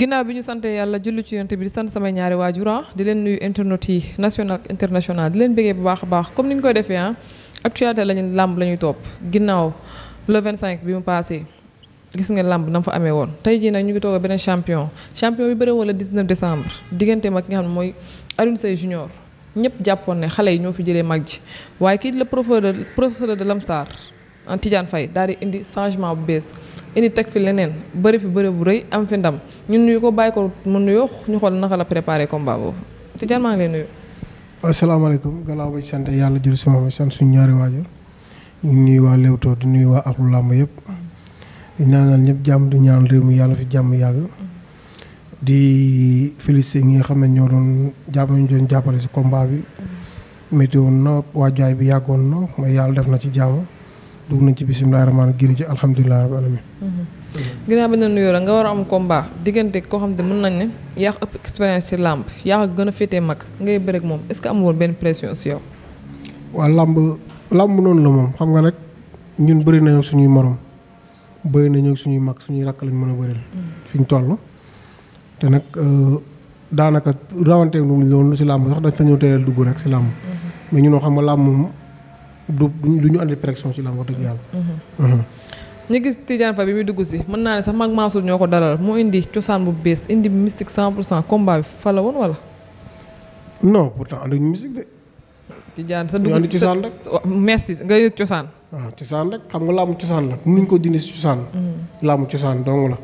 ginnaaw bi ñu sante yàlla julli ci yonent bi di sant samay ñaari waajur ah, di leen nuyu internautes yi national di leen bëggee bu baax a baax comme ni ñu koy defee ah actualité lañu la ñuy topp ginnaaw le 25 bi mu passé gis nga làmb na mu fa amee woon tey jii nag ñu ngi toog beneen champion champion bi bëre woon le 19 décembre diggante mag nga xam ne mooy Alioune junior ñëpp jàppoon ne xale yi ñoo fi jëlee mag ji waaye kii la professeur de professeur de Lamsar en Tidiane daal di indi changement bu bees indi teg fi leneen bëri fi bëri bu rëy am fi ndam ñun nuyu ko bàyyi ko mu nuyoo ñu xool naka la préparé combat boobu Tidiane maa ngi lay nuyu. asalaamaaleykum gannaaw ba ci sant yàlla jël si ma sant suñu ñaari waajur ñu nuyu waa Leewtoo di nuyu waa Akhlu Làmb yëpp di ñaanal ñëpp jàmm di ñaanal réew mi yàlla fi jàmm yàgg. di félicité ñi nga xam ne ñoo doon jàpp ñu doon jàppale si combat bi. météo na waajuwaay bi yàggoon na mooy yàlla def na ci jàmm. dugg nañ ci bisimilah rahmaani giri ci alhamdulilah rabbil alamin mm-hmm. ginnaaw bi ñu nuyoo la nga war a am combat diggante koo xam ne mën nañ ne yaa ko ëpp expérience ci làmb yaa ko gën a féetee mag ngay bëre ak moom est ce que amu woon benn pression si yow. waaw làmb làmb noonu la moom xam nga rek ñun bëri nañu suñuy morom bëri nañu suñuy mag suñuy rakk lañ mën a bëril. Mm-hmm. fi ñu toll te nag euh, daanaka rawanteeg nu mu loolu si làmb sax dañ sa ñëw teel dugg rek si làmb. Mm-hmm. mais ñun xam nga làmb moom. du du ñu andi pression ci lamb wax dëgg yàlla. Mhm. Mhm. ñu gis Tidiane Faye bi muy dugg si mën naa ne sa mag Mansour ñoo ko dalal mu indi cosaan bu bees indi mystique 100 pour cent combat bi fa la woon non pourtant andu ñu mystique de. Tidiane sa dugg si cosaan rek nga yëg cosaan. waaw cosaan rek xam nga laamu cosaan la mënuñ ko dindi si cosaan. laamu mhm. cosaan dong la.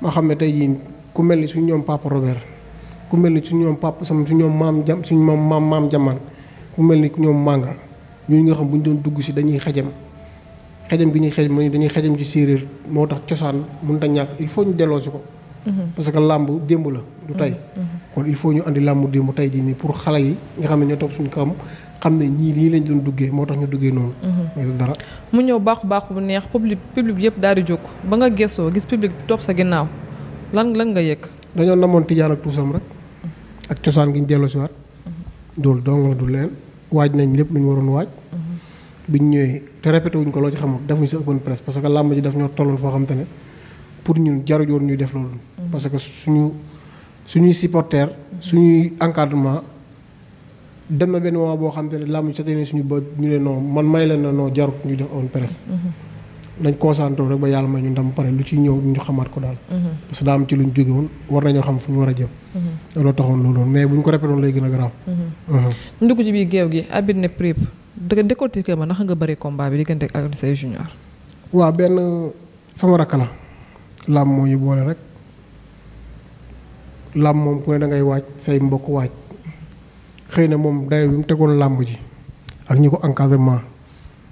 ma xam ne tey jii ku mel ni suñu ñoom papa Robert ku mel ni suñu ñoom papa sama su ñoom maam jam suñu maam maam jaman ku mel ni ñoom Manga. ñooñu nga xam bu ñu doon dugg si dañuy xajam xajam bi ñuy xajam mooy dañuy xajam ci séeréer moo tax cosaan mënut a ñàkk il faut ñu delloo si ko. Mhm. parce que làmb démb la du tey. Mhm. Mhm. kon il faut ñu andi làmb démb tey jii nii pour xale yi nga xam ne ñoo topp suñu kawam xam ne ñii lii lañ doon duggee moo tax ñu duggee noonu. mooy dara. mu ñëw baaxu baaxu bu neex public public yëpp daal di jóg ba nga gëstoo gis public bi topp sa gannaaw lan lan nga yëg. dañoo namoon tijaan ak tuusam rek. ak cosaan gi ñu delloo si waat. loolu du leen. waaj nañ lépp lu ñu waroon waaj. Mm-hmm. bu ñu ñëwee te répété wuñ ko loo ci xamul defuñ si open press parce que làmb ji daf ñoo tolloon foo xam te pour ñun jaruñu woon ñuy def loolu. Mm-hmm. parce que suñu suñuy supporters mm-hmm. suñuy encadrement dem na benn moment boo xam te ne làmb ji sa tey suñu ba ñu ne non man may leen na non jarut ñu def open press. nañ concentré rek ba yàlla may ñu ndam pare lu ci ñëw ñu xamaat ko daal. Mhm. parce daa am ci luñ jóge woon war nañoo xam fu a jëm. Mhm. loolu taxoon loolu mais buñ ko répété a garaaw. Mhm. ñu ci biir géew gi Habib ne prip dëgg décortiqué ma naka nga bëri combat bi diggante ak say junior. waaw benn sama rakk la. làmb moo ñu boole rek. làmb moom ku ne da waaj say mbokk waaj. xëy na moom dayo bi mu tegoon làmb ji. ak ñi ko encadrement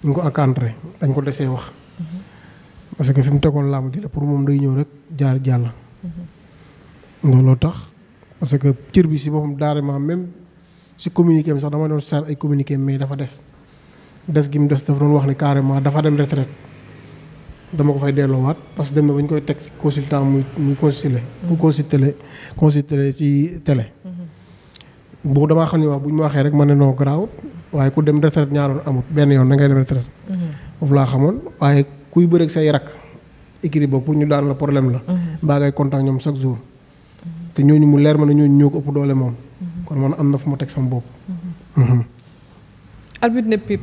ñu ko encadré dañ ko desee wax. parce que fi mu tegoon làmb ji la pour moom day ñëw rek jaar jàll. Mhm. loo tax parce que cër bi si boppam daaremaa même si communiqué am sax dama doon sar ay communiqué mais dafa des. des gi mu des dafa doon wax ne carrément dafa dem retraite dama ko fay delloowaat parce que dem na ba ñu koy teg consultant muy muy consulter. Mhm. bu consulter consulter ci télé. Mhm. bu damaa xam ne wax bu ñu ma waxee rek ma ne noo garaawut waaye ku dem retraite ñaaroon amut benn yoon da ngay dem kuy bëreeg say rak écrit ba pour ñu daan la problème la. Mhm. mbaa ngay kontaan ñoom chaque jour. te ñooñu mu leer ma a ñooñu ñoo ko ëpp doole moom. Mhm. kon man am na fu ma teg sama bopp. Mhm. arbitre ne pip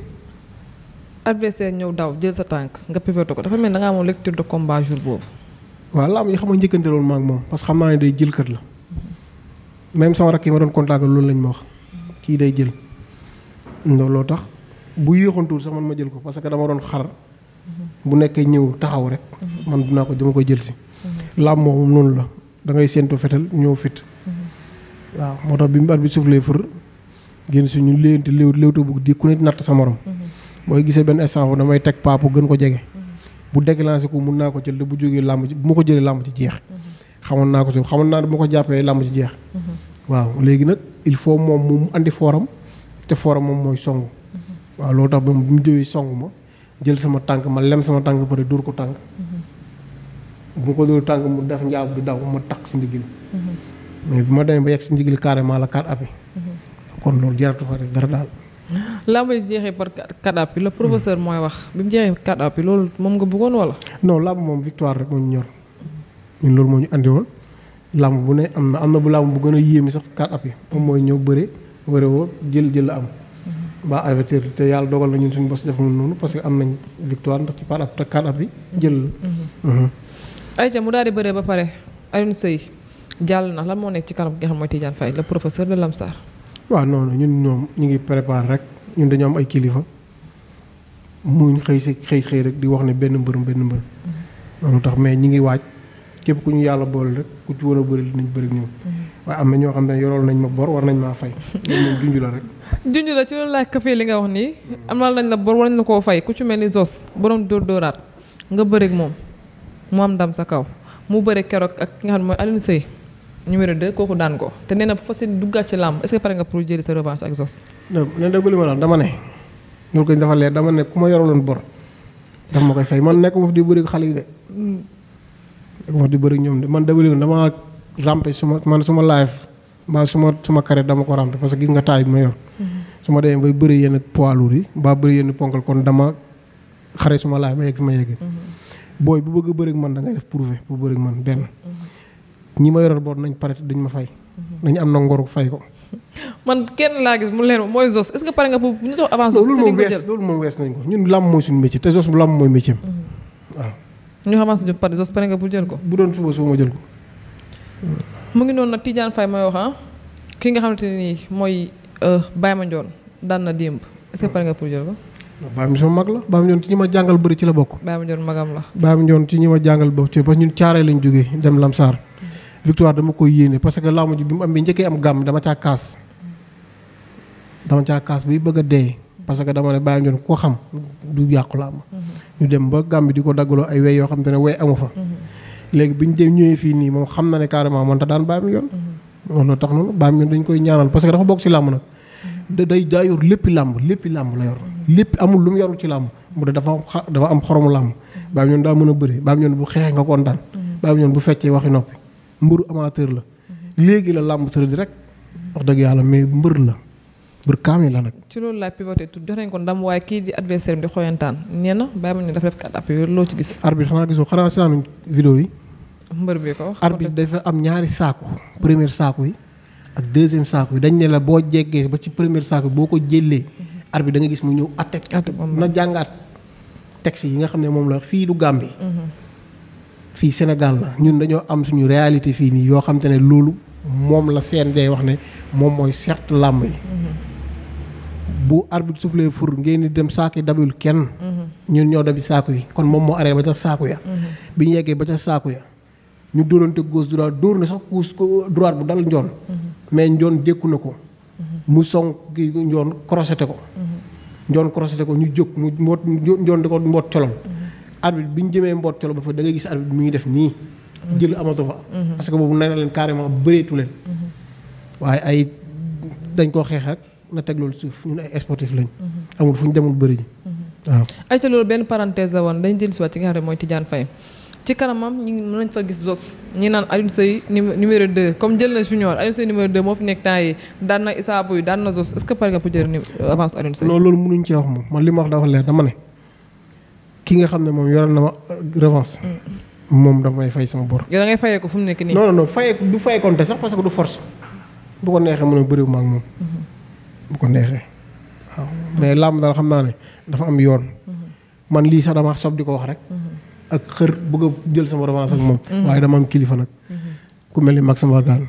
adversaire ñëw daw jël sa tànk nga pivoté ko dafa mel da ngaa amoon lecture de combat jour boobu. waaw nga moom parce xam naa ne day jël kër la même sama rakk yi ma doon contact loolu lañ ma wax kii day jël. looloo tax bu yéexoon sax man ma jël ko parce dama doon xar. bu nekkee ñëw taxaw rek. man dinaa ko dama koy jël si. làmb la da ngay séntu fetal ñëw fit. waaw moo tax bi mu at bi suuf lay fër génn suñu léewante léew léewta bugg di ku nit natt sa morom. booy gisee benn instant damay teg paapu gën ko jege. bu déclenché ko mun naa ko jël bu jógee làmb ci bu ma ko jëlee làmb ci jeex. xamoon naa ko suuf xamoon naa ne bu ma ko jàppee làmb ci jeex. waaw léegi nag il faut moom mu andi fooram te fooram moom mooy song. waaw loolu tax ba mu jógee jël sama tànk ma lem sama tànk ba pare dóor ko tànk mhm. bu ma ko dóor tànk mu def njaab di daw ma taq si ndigil mhm. mais bi ma demee ba yegg si ndigil carrément la kat api mhm. kon loolu jaratu fa def dara daal làmb ji jeexee par kadap bi la professeur mooy wax bi mu jeexee kadap bi loolu moom nga bëggoon wala non làmb moom victoire rek bu ne am na am na bu làmb bu gën a yéemi sax kadap moom mooy ñëw bëre wërewoo jël jël am ba avertir te yàlla dogal na ñun suñu bos def nañu noonu parce que am nañ victoire ndax ci par ab quatre ab bi jël la. Mhm. Mhm. ayca mu daal di bëree ba pare Alioune Seye jàll na lan moo nekk ci kanam gi nga xam mooy Tidiane Faye le professeur de Lamsar. waa noonu ñun ñoom ñu ngi préparé rek ñun dañu am ay kilifa muñ xëy si xëy xëy rek di wax ne benn mbërëm benn mbërëm. Mhm. loolu tax mais ñu ngi waaj képp ku ñu yàlla boole rek ku ci woon a bëri dinañ bëri ñoom. waaw am na ñoo xam ne yorool nañ ma bor war nañ maa fay loolu moom junj la rek. junj la ci loolu laa kafee li nga wax nii. am naa lañ la bor war nañ la koo fay ku ci mel ni Zos borom dóor dóoraat nga bëreeg moom mu am ndam sa kaw mu bëreeg keroog ak ki nga xam ne mooy Alioune Seye numéro 2 kooku daan ko te nee na bu fas yéene duggaat ci làmb est-ce que pare nga pour jëli sa revanche ak Zos. donc nee dëgg ma dama ne. loolu ko dama ne ku ma yoroloon bor daf ma koy fay man nekkuma fi di bëri xale yi de nekkuma fi di bëri ñoom de man déglu dama. rampe su ma man su ma live mbaa su ma dama ko rampe parce que gis nga taay bi ma yor mhm. su ma demee bay bëri yenn poids lourd yi mbaa bëri yenn ponkal kon dama xare su ma live ba yegg fi ma yegg mhm. booy bu bëgg a bëri ak man da ngay def prouvé bu bëri man benn mhm. ñi ma yoral boor nañ pare duñ ma fay nañ am na ngoru fay ko man kenn laa gis mu leer mooy mooy suñu métier te Zoss bu làmb mooy métier am. ñu avance ñu pare Zoss pare nga pour jël ko. bu doon mu ngi noonu nag Tidiane Faye mooy wax ah ki nga xamante ne nii mooy euh, Baye Mandione daan na démb est-ce que pare nga pour jël ko. Baye Mandione mag la Baye Mandione ci ñi ma jàngal bëri ci la bokk. Baye Mandione magam la. Baye Mandione ci ñi ma jàngal bokk ci parce que ñun caaree lañ jógee dem Lamsaar. victoire dama koy yéene parce que ma ji bi mu am bi njëkkee am gàmm dama caa kaas. dama caa kaas bi bëgg a dee. parce que dama ne Baye Mandione ku ko xam du yàqu la am. Mhm. ñu dem ba gàmm bi di ko daggaloo ay wey yoo xam te ne wey amu fa. Mhm. léegi bu ñu dem ñëwee fii nii moom xam na ne carrément mënta daan bàyyi mu yoon. loolu tax noonu bàyyi mu yoon dañ koy ñaanal parce dafa bokk ci làmb nag. la dafa a bu xeexee nga kontaan. la. la làmb tëradi rek. wax dëgg yàlla la. mbër la nag. ci loolu ci gis. arbitre xanaa gisoo xanaa si vidéo yi mbër bi ko wax arbitre dafa am ñaari saaku première saaku yi ak deuxième saaku yi dañ ne la boo jeggee ba ci première saaku boo ko jëlee mhm. arbitre da nga gis mu ñëw attek na jàngaat texte yi nga xam ne moom la wax fii du Gàmbi mhm. fii Sénégal la ñun dañoo am suñu réalité fii nii yoo xam te ne loolu moom la CNG wax ne moom mooy sert làmb yi mhm. bu arbitre soufflé fur ngeen di dem saako yi dabul kenn ñun ñoo dabi saaku yi kon moom moo aree ba ca saaku ya bi ñu yeggee ñu dóorante gauche droite dóor na sax couche droite bu dal njoon mais njoon dékku na ko mu song ki njoon crocheté ko njoon crocheté ko ñu jóg mu mboot njoon di ko mboot colom arbitre bi ñu jëmee mboot colom ba fa da ngay gis arbitre mi ngi def nii jël amatu fa parce que boobu nee na leen carrément bëreetu leen waaye ay dañ koo xeex ak na teg loolu suuf ñun ay sportif lañ amul fu ñu demul bëri ji waaw ay te loolu benn parenthèse la woon dañ dellusiwaat ci nga xam mooy Tidiane Faye ci kanamam ñi mën nañ fa gis Zoss ñi naan Alioune Seye numéro 2 comme jël na junior Alioune Seye numéro 2 moo fi nekk temps yi daan na Issa Pouye daan na Zoss est-ce que par exemple pour jël euh, nga xam ne moom yoral na ma euh, revanche. Mm. moom dafa may fay sama bor. yow ngay fayee ko fu mu nekk nii. non non fayee du fayee konte sax parce que du force bu ko neexee mu ne bëriwul ma moom. Mm-hmm. bu ko neexee waaw mais làmb daal xam naa ne dafa am yoon. Mm-hmm. man lii sax dama sob di ko wax rek. Mm-hmm. ak xër bëgg a jël sama revanche ak moom. Mhm. waaye dama am kilifa nag. Mhm. ku mel ni Maxime Wargane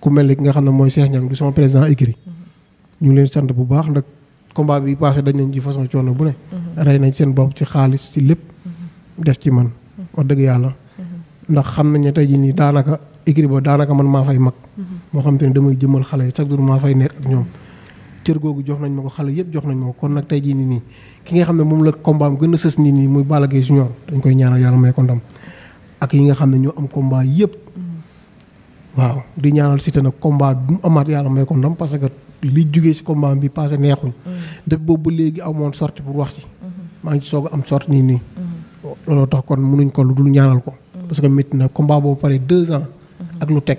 ku mel ni ki nga xam ne mooy Cheikh Niang du sama président écrit mhm. ñu leen sant bu baax ndax combat bi passé dañ nañ ci façon coono bu ne. rey nañ seen bopp ci xaalis ci lépp. def ci man wax dëgg yàlla. ndax xam nañ ne tey jii nii daanaka écrit ba daanaka man maa fay mag. moo xam te ne damay jëmal xale yi chaque jour maa fay nekk ak ñoom. cër googu jox nañ ma ko xale yëpp jox nañ ma ko kon nag tey jii nii nii ki nga xam ne moom la combat gën a sës nii nii muy Balla Gaye dañ koy ñaanal yàlla may ko ndam ak yi nga xam ne ñoo am combat yëpp waaw di ñaanal Siteu nag combat bu mu amaat yàlla may ko ndam parce que li jugee si combat bi passé neexuñ def boobu ba léegi amoon sorti pour wax ci maa ngi ci soog am sorti nii nii looloo tax kon mënuñ ko lu dul ñaanal ko parce que métti na combat boobu pare deux ans ak lu teg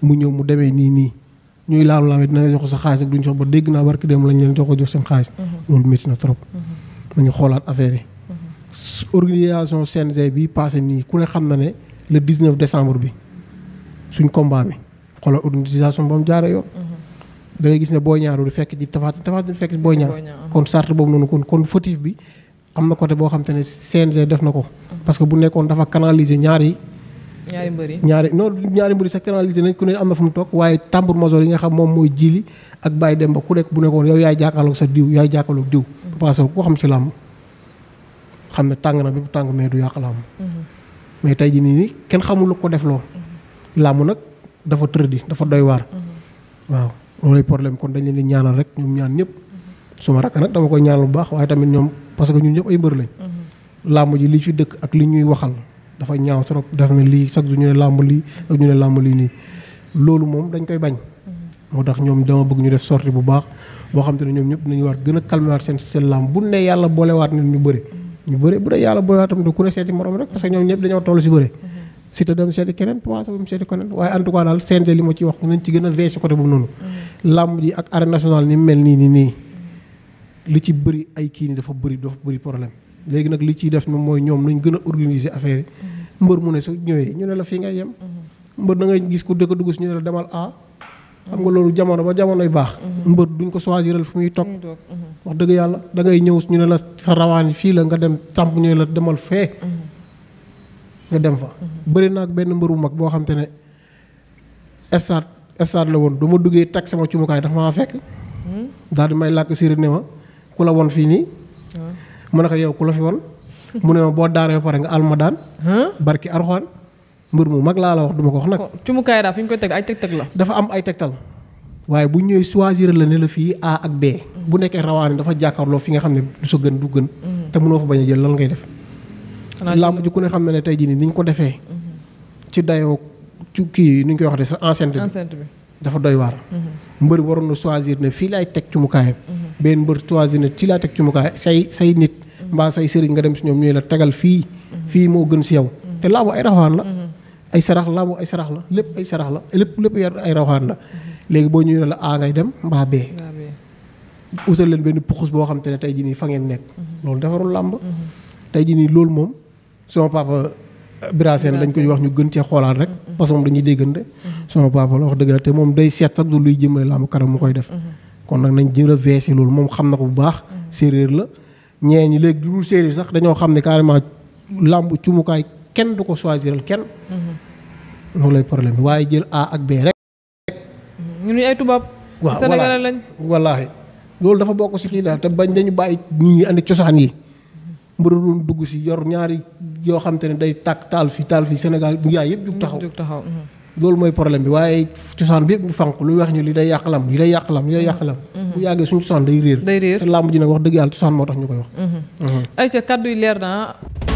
mu ñëw mu demee nii nii ñuy laalu laam it dina jox sa xaalis ak duñ jox ba dégg naa barki démb lañ leen jox jox seen xaalis. Mhm. loolu métti na trop. Mhm. nañu xoolaat affaire yi. Mhm. organisation CNG bi passé nii ku ne xam na ne le 19 décembre bi suñ combat bi xoolal organisation ba mu jaaree yoon. da ngay gis ne booy ñaaru du fekk ci tafaat tafaat du fekk booy ñaar kon sart boobu noonu kon kon fautif bi am na côté boo xam te ne CNG def na ko. parce que bu nekkoon dafa canaliser ñaar ñaari mbër yi ñaari non ñaari mbër yi sax canalité nañ ku ne am na fu mu toog waaye tambour major yi nga xam moom mooy jili ak Baye Demba ku nekk bu nekkoon yow yaay jàkkaarloog sa diw yaay jàkkaarloog diw. Mm-hmm. parce que ku xam ci làmb xam ne tàng na bépp tàng mais du yàq làmb. Mm-hmm. mais tey jii nii nii kenn xamul tamit ñoom parce ñun ñëpp ay mbër lañ. Mm-hmm. làmb ji li ci dëkk ak li ñuy waxal dafa ñaaw trop def na lii chaque jour ñu ne làmb lii ak ñu ne làmb lii loolu moom dañ koy bañ. moo tax ñoom dama bëgg ñu def sortie bu baax boo xam te ne ñoom gën a calmer seen seen làmb bu ne yàlla boolewaat nit ñu bëri. ñu bëri bu dee yàlla boolewaat tamit ku ne seeti morom rek parce que ñoom ñëpp dañoo toll si bëri. si dem seeti keneen Papa Sow dem seeti keneen waaye en daal CNG li ma ci wax nañ ci gën a veillé si côté boobu noonu. làmb ji ak arène nationale léegi nag li ciy def moom mooy ñoom nuñ gën a organiser affaire yi mm-hmm. mbër mu ne su ñëwee ñu ne la fii ngay yem mm-hmm. mbër da ngay gis ku dëkk dugg si ñu ne la demal a xam nga mm-hmm. loolu jamono ba jamonoy baax mbër duñ ko choisiral fu muy toog wax dëgg yàlla dangay ngay ñëw ñu ne la sa rawaan fii la nga dem tàmp ñu la demal fee nga dem fa bëri ak benn mbër bu mag boo xam te ne stade stade la woon du ma duggee teg sama cumukaay dafa ma fekk daal di may làkk séeréer ne ma woon fii nii mu ne ko yow ku la fi won mu ne ma boo daanee pare nga alma barki arxuwaan mbir mu mag laa la wax du ma ko wax nag. cumukaay daa fi ñu koy teg ay tegtal la. dafa am ay tegtal bu ñëwee la la fii A ak B. bu nekkee rawaani dafa jàkkaarloo fi nga xam ne du sa gën du gën. Mm-hmm. te mënoo fa bañ a jël lan ngay def. làmb ji ku ne xam na ne tey jii nii ni ñu ko defee. Mm-hmm. ci dayoo ci kii ni ñu koy waxatee sa enceinte bi. dafa doy waar. Mm-hmm. mbër waroon na choisir ne fii laay teg cumukaayam. benn mbër choisir ne fii laay teg cumukaay say say nit. mbaa say sëriñ nga dem si ñoom ñooy la tegal fii fii moo gën si yow te laabu ay rawaan la ay sarax laabu ay sarax la lépp ay sarax lépp lépp yar ay la léegi boo ñëwee la a ngay dem mbaa bee utal leen benn puxus boo xam te ne tey jii nii fa ngeen nekk loolu defarul làmb tey ji nii loolu moom sama papa Birasène dañ koy wax ñu gën cee xoolaat rek parce que moom dañuy déggante sama papa la wax dëgg te moom day seet sax du luy jëmale làmb karam mu koy def kon nag a veese loolu xam na ko bu baax séeréer la ñee ñi léegi du séeréer sax dañoo xam ne carrément làmb cumukaay kenn du ko choisiral kenn. Mm-hmm. loolu lay problème waaye jël A ak B rek. Mm-hmm. ñu ni ay tubaab. waaw Sénégalais loolu dafa bokk si kii daal te bañ dañu bàyyi ñi ñuy cosaan yi. Mm-hmm. mbëru doon dugg si yor ñaari yoo xam te ne day tàkk taal fi taal fi Sénégal yaay yëpp jug taxaw. loolu mooy problème bi waaye cosaan bi yëpp ñu fànq lu wax ñu li day yàq lamb li day yàq lamb li day yàq lamb mm-hmm. bu yàggee suñu cosaan day réer. day réer te lamb ji nag wax dëgg cosaan moo tax ñu koy wax. Mm-hmm. Mm-hmm. ayca kaddu yi leer na